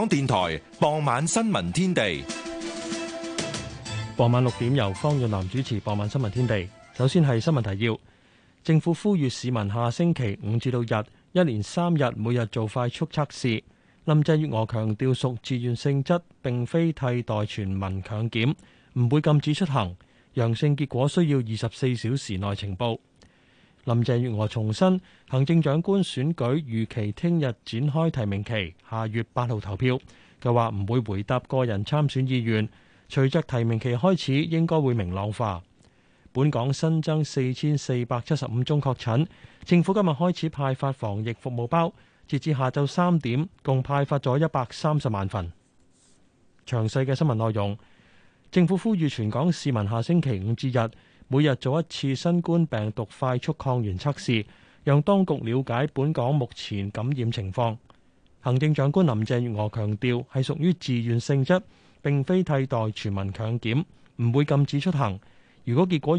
香港電台傍晚新聞天地，傍晚六點由方潤南主持。傍晚新聞天地，首先係新聞提要。政府呼籲市民下星期五至到日一連三日，每日做快速測試。林鄭月娥強調屬自願性質，並非替代全民強檢，唔會禁止出行。陽性結果需要二十四小時內情報。林鄭月娥重申，行政長官選舉預期聽日展開提名期，下月八號投票。佢話唔會回答個人參選意願。隨着提名期開始，應該會明朗化。本港新增四千四百七十五宗確診，政府今日開始派發防疫服務包，截至下晝三點，共派發咗一百三十萬份。詳細嘅新聞內容，政府呼籲全港市民下星期五至日。每日做一次新冠病毒快速抗原測試，讓當局了解本港目前感染情況。行政長官林鄭月娥強調，係屬於自願性質，並非替代全民強檢，唔會禁止出行。如果結果，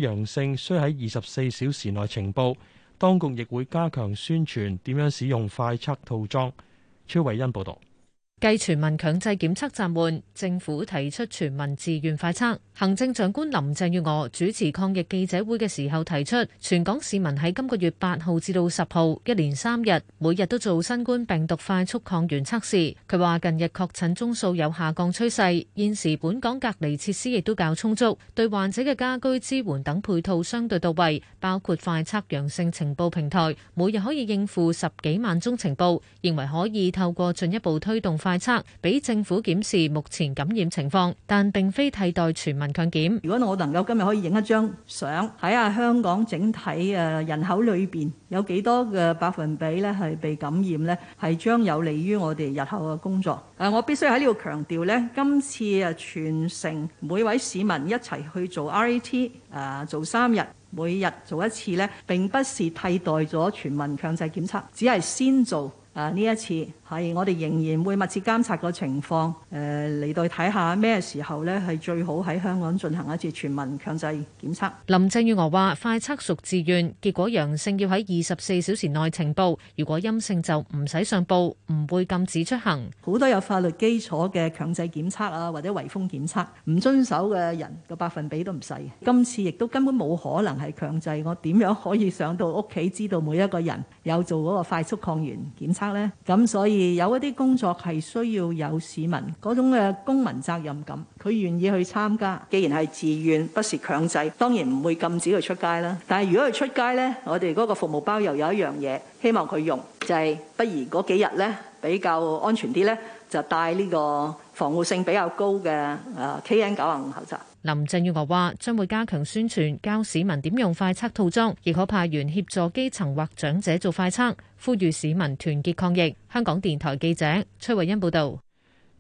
繼全民強制檢測暫緩，政府提出全民自願快測。行政長官林鄭月娥主持抗疫記者會嘅時候提出，全港市民喺今個月八號至到十號，一連三日，每日都做新冠病毒快速抗原測試。佢話近日確診宗數有下降趨勢，現時本港隔離設施亦都較充足，對患者嘅家居支援等配套相對到位，包括快測陽性情報平台，每日可以應付十幾萬宗情報，認為可以透過進一步推動快。檢測俾政府檢視目前感染情況，但並非替代全民強檢。如果我能夠今日可以影一張相，睇下香港整體誒人口裏邊有幾多嘅百分比咧係被感染咧，係將有利於我哋日後嘅工作。誒、啊，我必須喺呢度強調咧，今次誒全城每位市民一齊去做 RAT 誒、啊，做三日，每日做一次咧，並不是替代咗全民強制檢測，只係先做。啊！呢一次係我哋仍然會密切監察個情況，誒嚟到睇下咩時候呢係最好喺香港進行一次全民強制檢測。林鄭月娥話：快測屬自願，結果陽性要喺二十四小時內呈報，如果陰性就唔使上報，唔會禁止出行。好多有法律基礎嘅強制檢測啊，或者圍封檢測，唔遵守嘅人個百分比都唔細。今次亦都根本冇可能係強制，我點樣可以上到屋企知道每一個人有做嗰個快速抗原檢測？咁，所以有一啲工作係需要有市民嗰種嘅公民責任感，佢願意去參加。既然係自願，不是強制，當然唔會禁止佢出街啦。但係如果佢出街咧，我哋嗰個服務包又有一樣嘢，希望佢用就係、是，不如嗰幾日咧比較安全啲咧，就帶呢個防護性比較高嘅啊 KN 九啊五口罩。林鄭月娥話：將會加強宣傳，教市民點用快測套裝，亦可派員協助基層或長者做快測。呼籲市民團結抗疫。香港電台記者崔慧欣報道。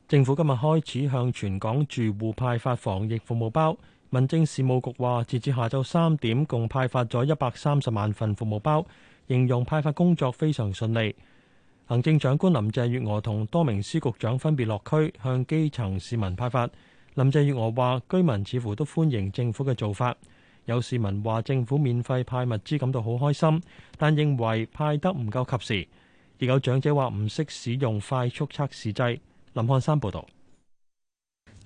政府今日開始向全港住戶派發防疫服務包。民政事務局話，截至下晝三點，共派發咗一百三十萬份服務包，形容派發工作非常順利。行政長官林鄭月娥同多名司局長分別落區，向基層市民派發。林鄭月娥話：居民似乎都歡迎政府嘅做法，有市民話政府免費派物資感到好開心，但認為派得唔夠及時。亦有長者話唔識使用快速測試劑。林漢山報道。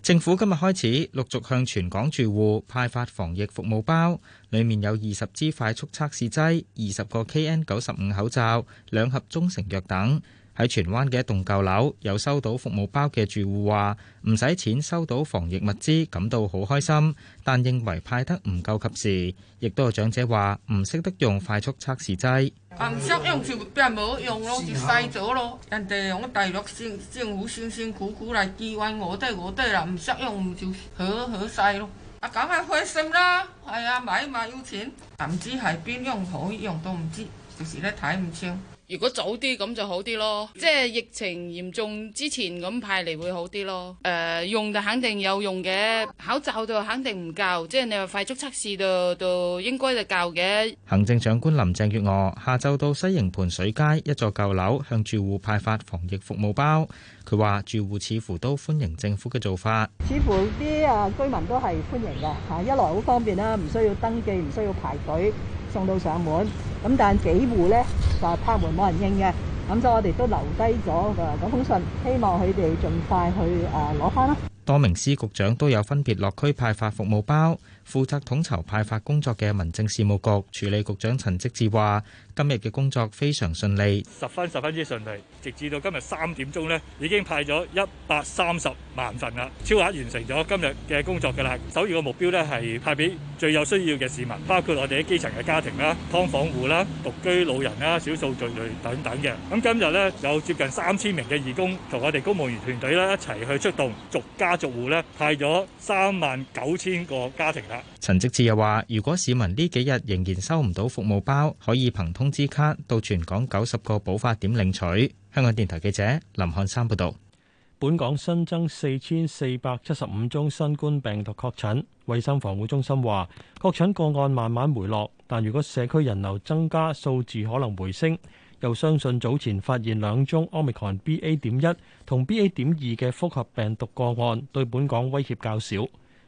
政府今日開始陸續向全港住戶派發防疫服務包，裏面有二十支快速測試劑、二十個 KN95 口罩、兩盒中成藥等。喺荃灣嘅一棟舊樓有收到服務包嘅住戶話，唔使錢收到防疫物資，感到好開心，但認為派得唔夠及時。亦都有長者話唔識得用快速測試劑，唔識用就冇用咯，就曬咗咯。人哋用大陸政政府辛辛苦苦嚟支援我哋，我哋人唔識用唔就好好曬咯。啊，咁啊灰心啦，係啊，買唔買要錢？唔知係邊樣可以用都唔知，就是咧睇唔清。如果早啲咁就好啲咯，即係疫情嚴重之前咁派嚟會好啲咯。誒、呃、用就肯定有用嘅，口罩就肯定唔夠，即係你話快速測試度度應該就夠嘅。行政長官林鄭月娥下晝到西營盤水街一座舊樓向住戶派發防疫服務包，佢話住戶似乎都歡迎政府嘅做法，似乎啲啊居民都係歡迎嘅嚇，一來好方便啦，唔需要登記，唔需要排隊。送到上門，咁但幾戶呢就拍門冇人應嘅，咁所以我哋都留低咗嗰封信，希望佢哋盡快去誒攞翻啦。多名司局長都有分別落區派發服務包，負責統籌派發工作嘅民政事務局處理局長陳積志話。今日嘅工作非常順利，十分十分之順利。直至到今日三點鐘咧，已經派咗一百三十萬份啦，超額完成咗今日嘅工作㗎啦。首要嘅目標咧係派俾最有需要嘅市民，包括我哋基層嘅家庭啦、㓥房戶啦、獨居老人啦、少數族裔等等嘅。咁今日咧有接近三千名嘅義工同我哋公務員團隊啦一齊去出動，逐家逐戶咧派咗三萬九千個家庭啦。陳積志又話，如果市民呢幾日仍然收唔到服務包，可以憑通工資卡到全港九十個補發點領取。香港電台記者林漢山報道。本港新增四千四百七十五宗新冠病毒確診，衛生防護中心話，確診個案慢慢回落，但如果社區人流增加，數字可能回升。又相信早前發現兩宗 OmicronBA 點一同 BA 點二嘅複合病毒個案，對本港威脅較少。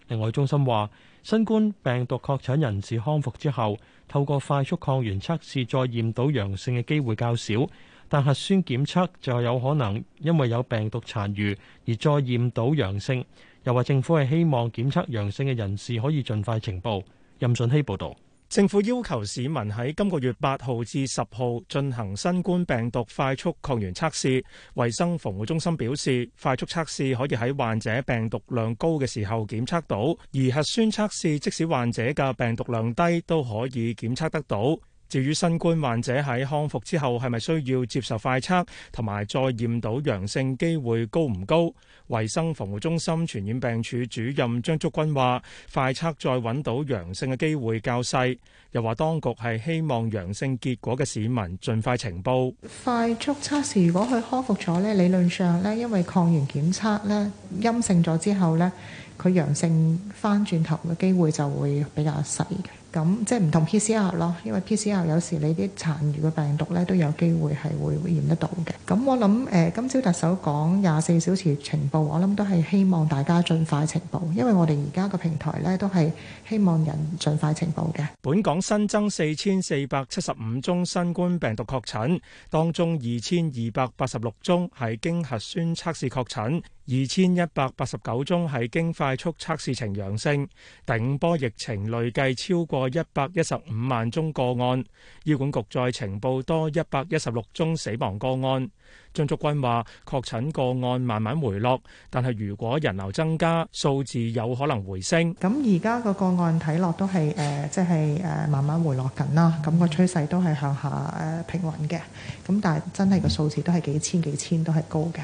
另外，中心話新冠病毒確診人士康復之後透過快速抗原測試再驗到陽性嘅機會較少，但核酸檢測就有可能因為有病毒殘餘而再驗到陽性。又話政府係希望檢測陽性嘅人士可以盡快呈報。任順希報道。政府要求市民喺今個月八號至十號進行新冠病毒快速抗原測試。衛生防護中心表示，快速測試可以喺患者病毒量高嘅時候檢測到，而核酸測試即使患者嘅病毒量低都可以檢測得到。至於新冠患者喺康復之後係咪需要接受快測，同埋再驗到陽性機會高唔高？衞生防護中心傳染病處主任張竹君話：快測再揾到陽性嘅機會較細，又話當局係希望陽性結果嘅市民盡快呈報。快速測試如果佢康復咗呢，理論上呢，因為抗原檢測呢，陰性咗之後呢，佢陽性翻轉頭嘅機會就會比較細嘅。咁即係唔同 PCR 咯，因為 PCR 有時你啲殘餘嘅病毒咧都有機會係會驗得到嘅。咁我諗誒，今朝特首講廿四小時情報，我諗都係希望大家盡快情報，因為我哋而家個平台咧都係希望人盡快情報嘅。本港新增四千四百七十五宗新冠病毒確診，當中二千二百八十六宗係經核酸測試確診。二千一百八十九宗係經快速測試呈陽性，第五波疫情累計超過一百一十五萬宗個案。醫管局再呈報多一百一十六宗死亡個案。張竹君話，確診個案慢慢回落，但係如果人流增加，數字有可能回升。咁而家個個案睇落都係誒，即係誒慢慢回落緊啦。咁個趨勢都係向下誒平穩嘅。咁但係真係個數字都係幾千幾千都係高嘅。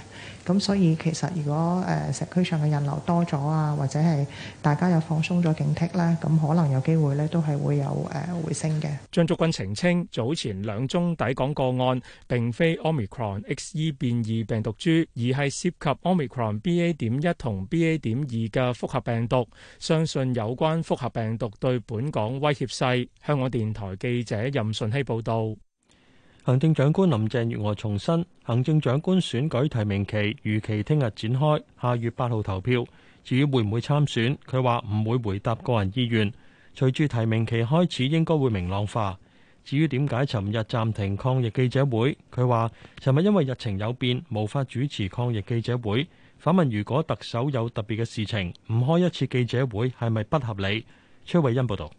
咁所以其實如果誒社區上嘅人流多咗啊，或者係大家又放鬆咗警惕咧，咁可能有機會咧都係會有誒回升嘅。張竹君澄清，早前兩宗抵港個案並非 Omicron XE 變異病毒株，而係涉及 Omicron BA 點一同 BA 點二嘅複合病毒。相信有關複合病毒對本港威脅細。香港電台記者任順希報導。行政長官林鄭月娥重申，行政長官選舉提名期預期聽日展開，下月八號投票。至於會唔會參選，佢話唔會回答個人意願。隨住提名期開始，應該會明朗化。至於點解尋日暫停抗疫記者會，佢話尋日因為日程有變，無法主持抗疫記者會。反問如果特首有特別嘅事情，唔開一次記者會係咪不，不合理？崔慧欣報導。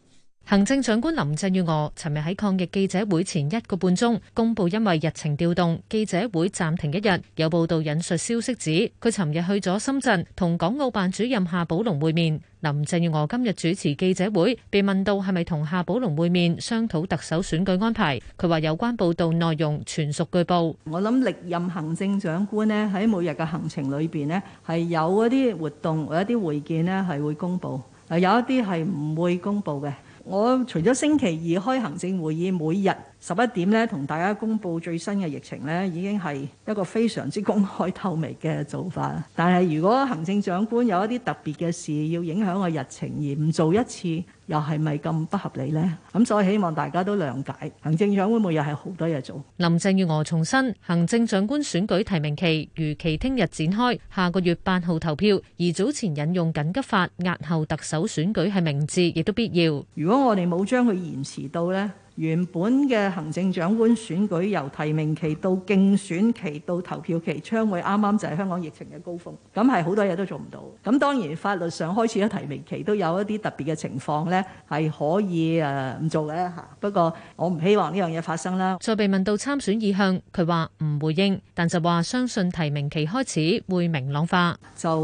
行政長官林鄭月娥尋日喺抗疫記者會前一個半鐘公布，因為日程調動，記者會暫停一日。有報道引述消息指，佢尋日去咗深圳同港澳辦主任夏寶龍會面。林鄭月娥今日主持記者會，被問到係咪同夏寶龍會面商討特首選舉安排，佢話有關報道內容全屬據報。我諗歷任行政長官咧喺每日嘅行程裏邊咧係有一啲活動或一啲會見咧係會公布，有一啲係唔會公布嘅。我除咗星期二開行政會議，每日。十一點呢，同大家公布最新嘅疫情呢，已經係一個非常之公開透明嘅做法。但係如果行政長官有一啲特別嘅事要影響我日程，而唔做一次，又係咪咁不合理呢？咁所以希望大家都諒解，行政長官會，又係好多嘢做。林鄭月娥重申，行政長官選舉提名期如期聽日展開，下個月八號投票。而早前引用緊急法押後特首選舉係明智，亦都必要。如果我哋冇將佢延遲到呢。原本嘅行政長官選舉由提名期到競選期到投票期，將會啱啱就係香港疫情嘅高峰，咁係好多嘢都做唔到。咁當然法律上開始咗提名期，都有一啲特別嘅情況咧，係可以誒唔做嘅嚇。不過我唔希望呢樣嘢發生啦。再被問到參選意向，佢話唔回應，但就話相信提名期開始會明朗化。就誒，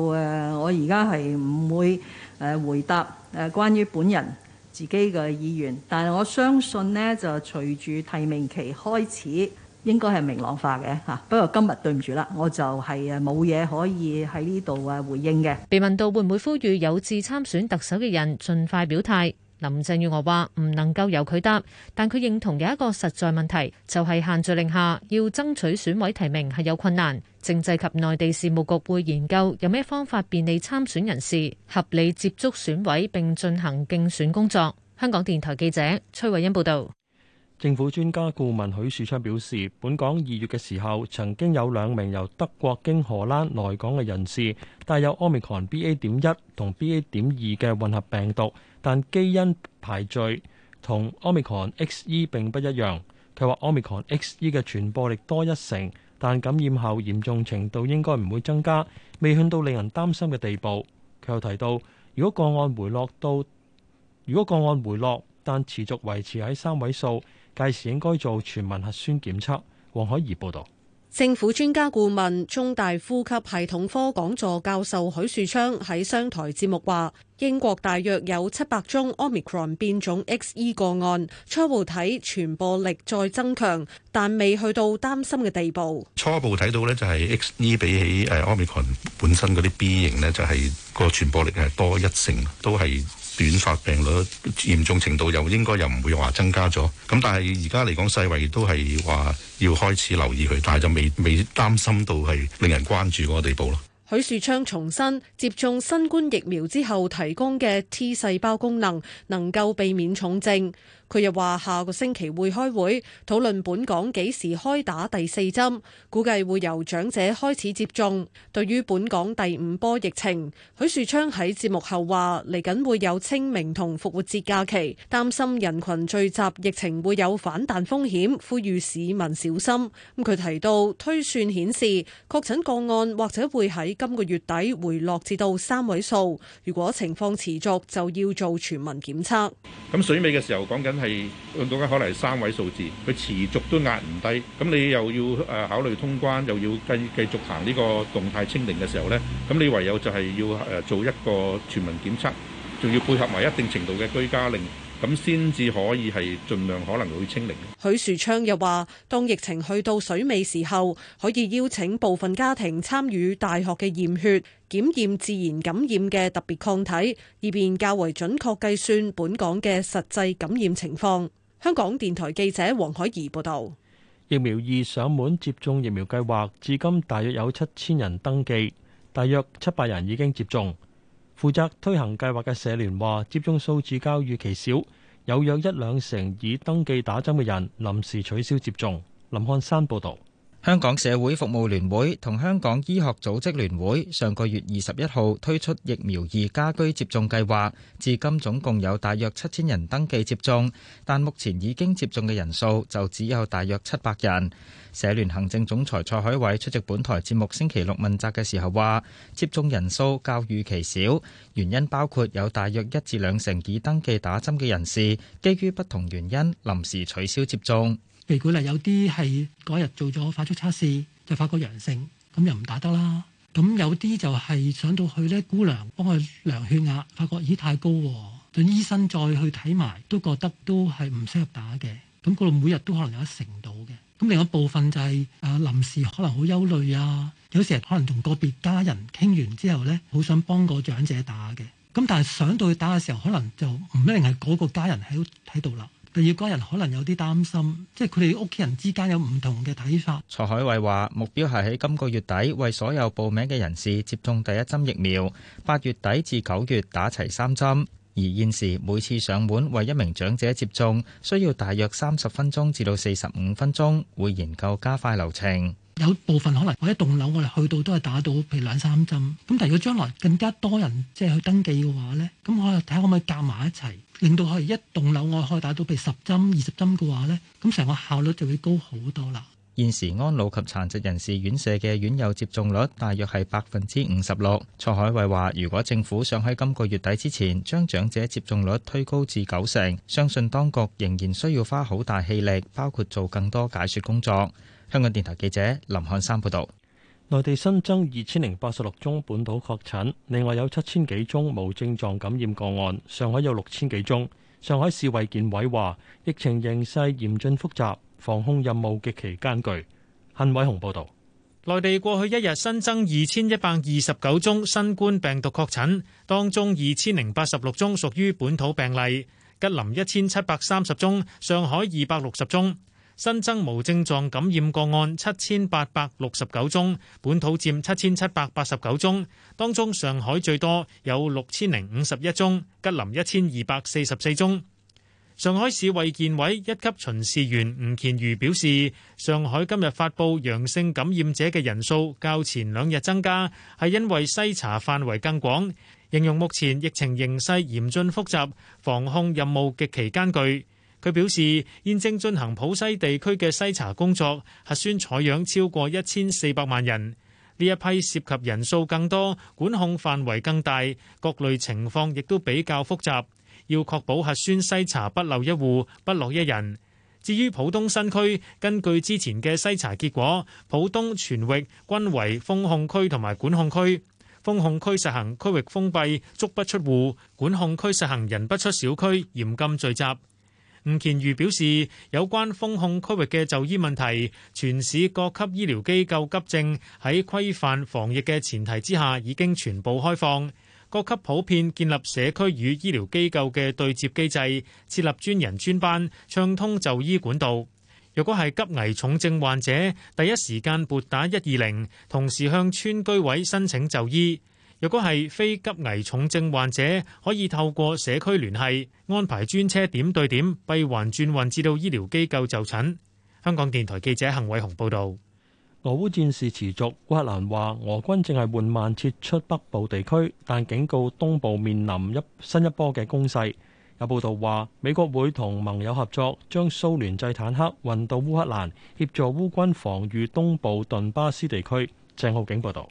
我而家係唔會誒回答誒關於本人自己嘅意願，但係我相信呢，就隨住提名期開始，應該係明朗化嘅嚇、啊。不過今日對唔住啦，我就係誒冇嘢可以喺呢度誒回應嘅。被問到會唔會呼籲有志參選特首嘅人盡快表態。林鄭月娥話：唔能夠由佢答，但佢認同有一個實在問題，就係限聚令下要爭取選委提名係有困難。政制及內地事務局會研究有咩方法便利參選人士合理接觸選委並進行競選工作。香港電台記者崔慧欣報道。政府專家顧問許樹昌表示，本港二月嘅時候曾經有兩名由德國經荷蘭來港嘅人士帶有 Omicron BA. 點一同 BA. 點二嘅混合病毒，但基因排序同 Omicron XE 並不一樣。佢話 Omicron XE 嘅傳播力多一成，但感染後嚴重程度應該唔會增加，未去到令人擔心嘅地步。佢又提到，如果個案回落到如果個案回落，但持續維持喺三位數。第時應該做全民核酸檢測。黃海怡報導。政府專家顧問、中大呼吸系統科講座教授許樹昌喺商台節目話：英國大約有七百宗 Omicron 變種 XE 個案，初步睇傳播力再增強，但未去到擔心嘅地步。初步睇到咧，就係 XE 比起誒 Omicron 本身嗰啲 B 型呢，就係個傳播力係多一成，都係。短發病率、嚴重程度又應該又唔會話增加咗，咁但係而家嚟講，世衞都係話要開始留意佢，但係就未未擔心到係令人關注嗰個地步咯。許樹昌重申，接種新冠疫苗之後提供嘅 T 細胞功能能夠避免重症。佢又話：下個星期會開會討論本港幾時開打第四針，估計會由長者開始接種。對於本港第五波疫情，許樹昌喺節目後話：嚟緊會有清明同復活節假期，擔心人群聚集，疫情會有反彈風險，呼籲市民小心。咁佢提到推算顯示，確診個案或者會喺今個月底回落至到三位數。如果情況持續，就要做全民檢測。咁水尾嘅時候講緊。係，我講緊可能係三位數字，佢持續都壓唔低。咁你又要誒考慮通關，又要繼繼續行呢個動態清零嘅時候咧，咁你唯有就係要誒做一個全民檢測，仲要配合埋一定程度嘅居家令。咁先至可以係盡量可能會清零。許樹昌又話，當疫情去到水尾時候，可以邀請部分家庭參與大學嘅驗血檢驗自然感染嘅特別抗體，以便較為準確計算本港嘅實際感染情況。香港電台記者黃海怡報道。疫苗二上門接種疫苗計劃至今大約有七千人登記，大約七百人已經接種。負責推行計劃嘅社聯話，社聯行政總裁蔡海偉出席本台節目星期六問責嘅時候話，接種人數較預期少，原因包括有大約一至兩成已登記打針嘅人士，基於不同原因臨時取消接種。譬如有啲係嗰日做咗快速測試，就發覺陽性，咁又唔打得啦。咁有啲就係上到去咧，姑娘幫佢量血壓，發覺咦太高，等醫生再去睇埋都覺得都係唔適合打嘅。咁嗰度每日都可能有一成到嘅。咁另一部分就係啊，臨時可能好憂慮啊，有時可能同個別家人傾完之後呢，好想幫個長者打嘅。咁但係想到去打嘅時候，可能就唔一定係嗰個家人喺喺度啦。第二家人可能有啲擔心，即係佢哋屋企人之間有唔同嘅睇法。蔡海慧話：目標係喺今個月底為所有報名嘅人士接種第一針疫苗，八月底至九月打齊三針。而現時每次上門為一名長者接種，需要大約三十分鐘至到四十五分鐘。會研究加快流程，有部分可能我一棟樓我哋去到都係打到譬如兩三針，咁但係如果將來更加多人即係去登記嘅話咧，咁我睇下可唔可以夾埋一齊，令到可以一棟樓我可以打到譬如十針、二十針嘅話咧，咁成個效率就會高好多啦。現時安老及殘疾人士院舍嘅院友接種率大約係百分之五十六。蔡海慧話：如果政府想喺今個月底之前將長者接種率推高至九成，相信當局仍然需要花好大氣力，包括做更多解説工作。香港電台記者林漢山報道，內地新增二千零八十六宗本土確診，另外有七千幾宗無症狀感染個案。上海有六千幾宗。上海市衞健委話：疫情形勢嚴峻複雜。防控任務極其艱巨。陳偉雄報導，內地過去一日新增二千一百二十九宗新冠病毒確診，當中二千零八十六宗屬於本土病例，吉林一千七百三十宗，上海二百六十宗。新增無症狀感染個案七千八百六十九宗，本土佔七千七百八十九宗，當中上海最多，有六千零五十一宗，吉林一千二百四十四宗。上海市衛健委一級巡視員吳健瑜表示，上海今日發佈陽性感染者嘅人數較前兩日增加，係因為篩查範圍更廣。形容目前疫情形勢嚴峻複雜，防控任務極其艱巨。佢表示，現正進行浦西地區嘅篩查工作，核酸採樣超過一千四百萬人。呢一批涉及人數更多，管控範圍更大，各類情況亦都比較複雜。要確保核酸篩查不漏一戶、不落一人。至於浦東新區，根據之前嘅篩查結果，浦東全域均為封控區同埋管控區。封控區實行區域封閉，足不出戶；管控區實行人不出小區，嚴禁聚集。吳乾渝表示，有關封控區域嘅就醫問題，全市各級醫療機構急症喺規範防疫嘅前提之下，已經全部開放。各級普遍建立社區與醫療機構嘅對接機制，設立專人專班，暢通就醫管道。若果係急危重症患者，第一時間撥打一二零，同時向村居委申請就醫；若果係非急危重症患者，可以透過社區聯繫安排專車點對點閉環轉運至到醫療機構就診。香港電台記者幸偉雄報道。俄烏戰事持續，烏克蘭話俄軍正係緩慢撤出北部地區，但警告東部面臨新一波嘅攻勢。有報道話美國會同盟友合作，將蘇聯製坦克運到烏克蘭，協助烏軍防禦東部頓巴斯地區。鄭浩景報導。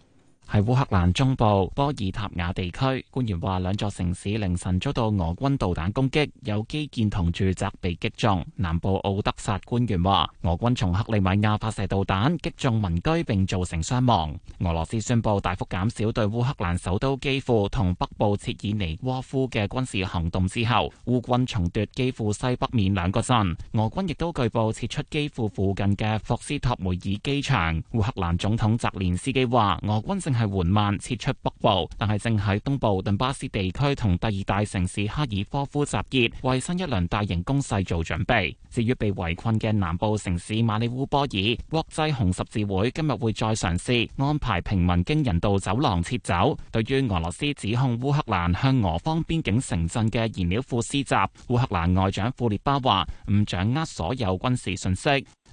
喺烏克蘭中部波爾塔瓦地區官員話，兩座城市凌晨遭到俄軍導彈攻擊，有基建同住宅被擊中。南部奧德薩官員話，俄軍從克里米亞發射導彈，擊中民居並造成傷亡。俄羅斯宣佈大幅減少對烏克蘭首都基輔同北部切爾尼戈夫嘅軍事行動之後，烏軍重奪基輔西北面兩個鎮，俄軍亦都據報撤出基輔附近嘅霍斯托梅爾機場。烏克蘭總統澤連斯基話，俄軍正，係緩慢撤出北部，但係正喺東部頓巴斯地區同第二大城市哈爾科夫集結，為新一輪大型攻勢做準備。至於被圍困嘅南部城市馬里烏波爾，國際紅十字會今日會再嘗試安排平民經人道走廊撤走。對於俄羅斯指控烏克蘭向俄方邊境城鎮嘅燃料庫施襲，烏克蘭外長庫列巴話唔掌握所有軍事信息。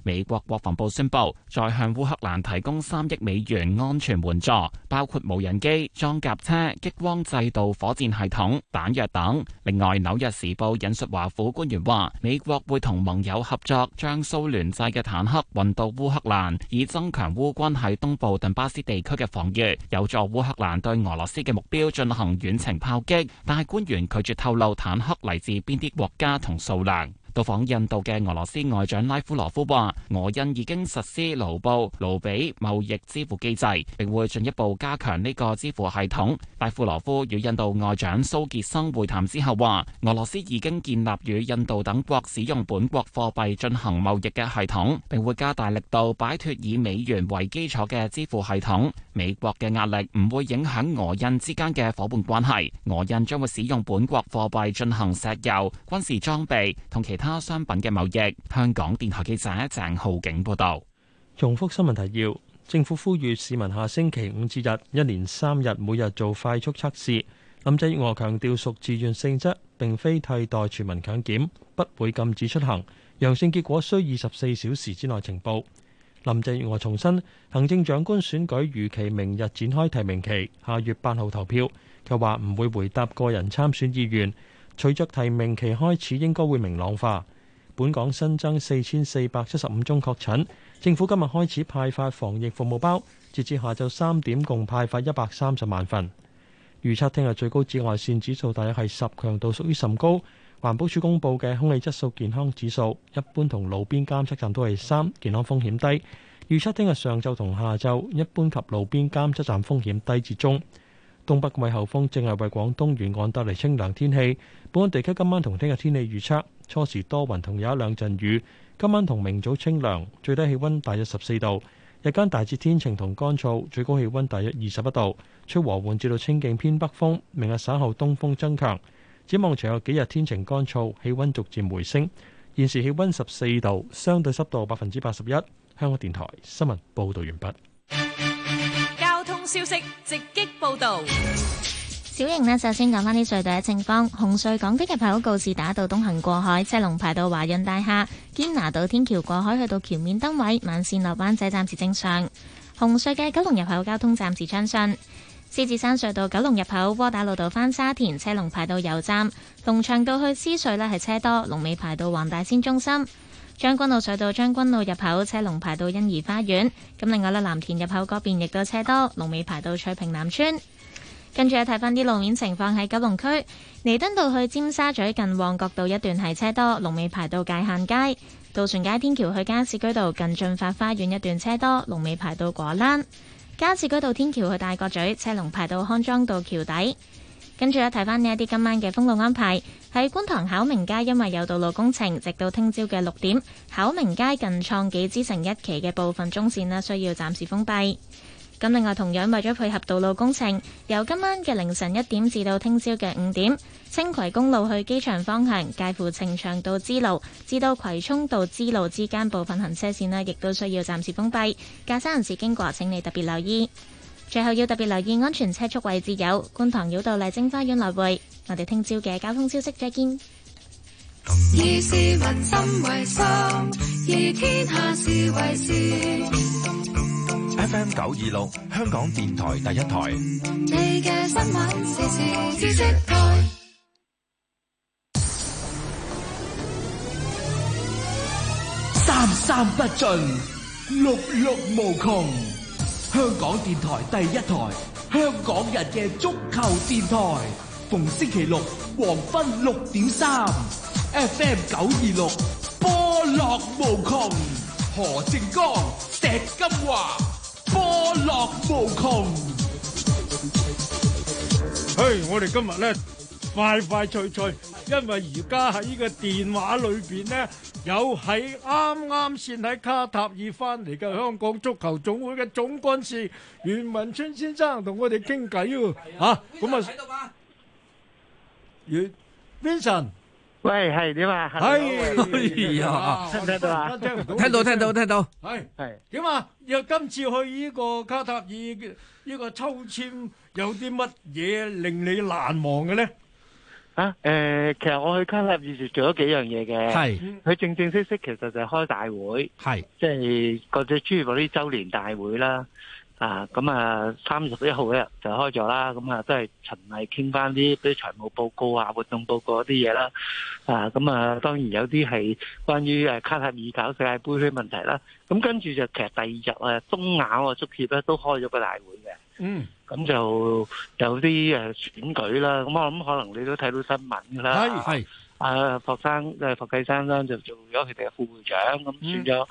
美國國防部宣佈再向烏克蘭提供三億美元安全援助，包括無人機、裝甲車、激光制導火箭系統、彈藥等。另外，《紐約時報》引述華府官員話，美國會同盟友合作，將蘇聯製嘅坦克運到烏克蘭，以增強烏軍喺東部頓巴斯地區嘅防御，有助烏克蘭對俄羅斯嘅目標進行遠程炮擊。但係官員拒絕透露坦克嚟自邊啲國家同數量。到訪印度嘅俄羅斯外長拉夫羅夫話：俄印已經實施盧布盧比貿易支付機制，並會進一步加強呢個支付系統。拉夫羅夫與印度外長蘇傑生會談之後話：俄羅斯已經建立與印度等國使用本國貨幣進行貿易嘅系統，並會加大力度擺脫以美元為基礎嘅支付系統。美國嘅壓力唔會影響俄印之間嘅夥伴關係，俄印將會使用本國貨幣進行石油、軍事裝備同其他。其他商品嘅貿易。香港電台記者鄭浩景報道，重複新聞提要：政府呼籲市民下星期五至日一連三日，每日做快速測試。林鄭月娥強調屬自願性質，並非替代全民強檢，不會禁止出行。陽性結果需二十四小時之內呈報。林鄭月娥重申，行政長官選舉如期明日展開提名期，下月八號投票。佢話唔會回答個人參選意願。隨着提名期開始，應該會明朗化。本港新增四千四百七十五宗確診，政府今日開始派發防疫服務包，截至下晝三點，共派發一百三十萬份。預測聽日最高紫外線指數大約係十，強度屬於甚高。環保署公佈嘅空氣質素健康指數，一般同路邊監測站都係三，健康風險低。預測聽日上晝同下晝，一般及路邊監測站風險低至中。東北季候風正係為廣東沿岸帶嚟清涼天氣。本港地區今晚同聽日天氣預測：初時多雲同有一兩陣雨，今晚同明早清涼，最低氣溫大約十四度；日間大致天晴同乾燥，最高氣溫大約二十一度。吹和緩至到清勁偏北風，明日稍後東風增強。展望隨後幾日天晴乾燥，氣溫逐漸回升。現時氣溫十四度，相對濕度百分之八十一。香港電台新聞報道完畢。消息直擊報道，小瑩呢，首先講翻啲隧道嘅情況。紅隧港機入口告示打到東行過海，車龍排到華潤大廈堅拿道天橋過海去到橋面燈位，慢線落灣仔暫時正常。紅隧嘅九龍入口交通暫時暢順。獅子山隧道九龍入口窩打老道翻沙田，車龍排到油站。龍翔道去獅隧呢，係車多，龍尾排到黃大仙中心。將軍澳隧道將軍澳入口，車龍排到欣怡花園。咁另外呢，藍田入口嗰邊亦都車多，龍尾排到翠屏南村。跟住睇翻啲路面情況，喺九龍區彌敦道去尖沙咀近旺角道一段係車多，龍尾排到界限街。渡船街天橋去加士居道近駿發花園一段車多，龍尾排到果欄。加士居道天橋去大角咀，車龍排到康莊道橋底。跟住咧，睇翻呢一啲今晚嘅封路安排。喺觀塘考明街，因為有道路工程，直到聽朝嘅六點，考明街近創紀之城一期嘅部分中線啦，需要暫時封閉。咁另外，同樣為咗配合道路工程，由今晚嘅凌晨一點至到聽朝嘅五點，青葵公路去機場方向介乎呈祥道支路至到葵涌道支路之間部分行車線啦，亦都需要暫時封閉。駕駛人士經過，請你特別留意。最後要特別留意安全車速位置，有觀塘繞道麗晶花園來回。我哋聽朝嘅交通消息再見。以市民心為心，以天下事為事。F M 九二六香港電台第一台。你嘅新聞時時知。三三不盡，六六無窮。香港電台第一台，香港人嘅足球電台，逢星期六黃昏六點三，FM 九二六，波樂無窮，何靖光、石金華，波樂無窮。嘿，hey, 我哋今日咧，快快脆脆。因為而家喺呢個電話裏邊咧，有喺啱啱先喺卡塔爾翻嚟嘅香港足球總會嘅總幹事袁文春先生同我哋傾偈喎，吓，咁啊，袁 Vincent，喂係點啊？係，哎呀，聽唔到，聽到聽到聽到，係係，點啊？又今次去呢個卡塔爾嘅呢個抽籤有啲乜嘢令你難忘嘅咧？啊，誒、呃，其實我去卡拉，爾二時做咗幾樣嘢嘅，佢是、嗯、正正式，式式其實就係開大會，是即係國際珠寶啲周年大會啦。啊，咁啊，三十一號嘅日就開咗啦，咁啊都係循例傾翻啲啲財務報告啊、活動報告啲嘢啦。啊，咁啊，當然有啲係關於誒卡塔爾搞世界杯啲問題啦、啊。咁、啊、跟住，就其實第二日啊，東亞啊足協咧都開咗個大會嘅。嗯。咁就有啲誒選舉啦、啊。咁我諗可能你都睇到新聞㗎啦、啊。係。係、啊。啊，霍生即係霍繼生啦，就做咗佢哋嘅副會長咁選咗。啊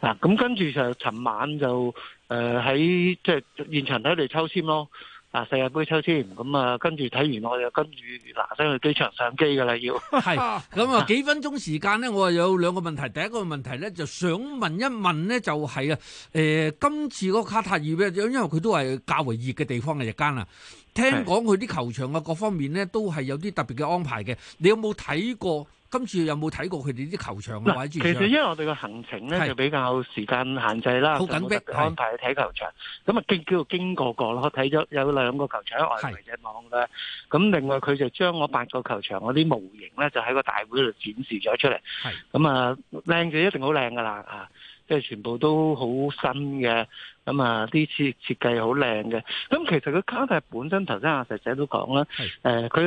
嗱，咁、啊、跟住就，尋晚就，誒、呃、喺即係現場睇嚟抽籤咯，啊世界杯抽籤，咁、嗯、啊跟住睇完，我就跟住嗱，先、啊、去機場上機噶啦要。係， 咁、嗯、啊幾分鐘時間咧，我啊有兩個問題，第一個問題咧就想問一問咧，就係、是、啊，誒、呃、今次嗰個卡塔爾，因為佢都係較為熱嘅地方嘅日間啊。聽講佢啲球場啊，各方面咧都係有啲特別嘅安排嘅。你有冇睇過？今次有冇睇過佢哋啲球場啊？或者其實因為我哋嘅行程咧是就比較時間限制啦，好緊迫，冇特別安排去睇球場。咁啊叫叫做經過過咯，睇咗有兩個球場喺外圍嘅網啦。咁是另外佢就將我八個球場嗰啲模型咧就喺個大會度展示咗出嚟。咁是啊靚就一定好靚噶啦啊！即係全部都好新嘅，咁、嗯、啊啲設設計好靚嘅，咁、嗯、其實個卡帶本身頭先阿石仔都講啦，誒的。佢、呃。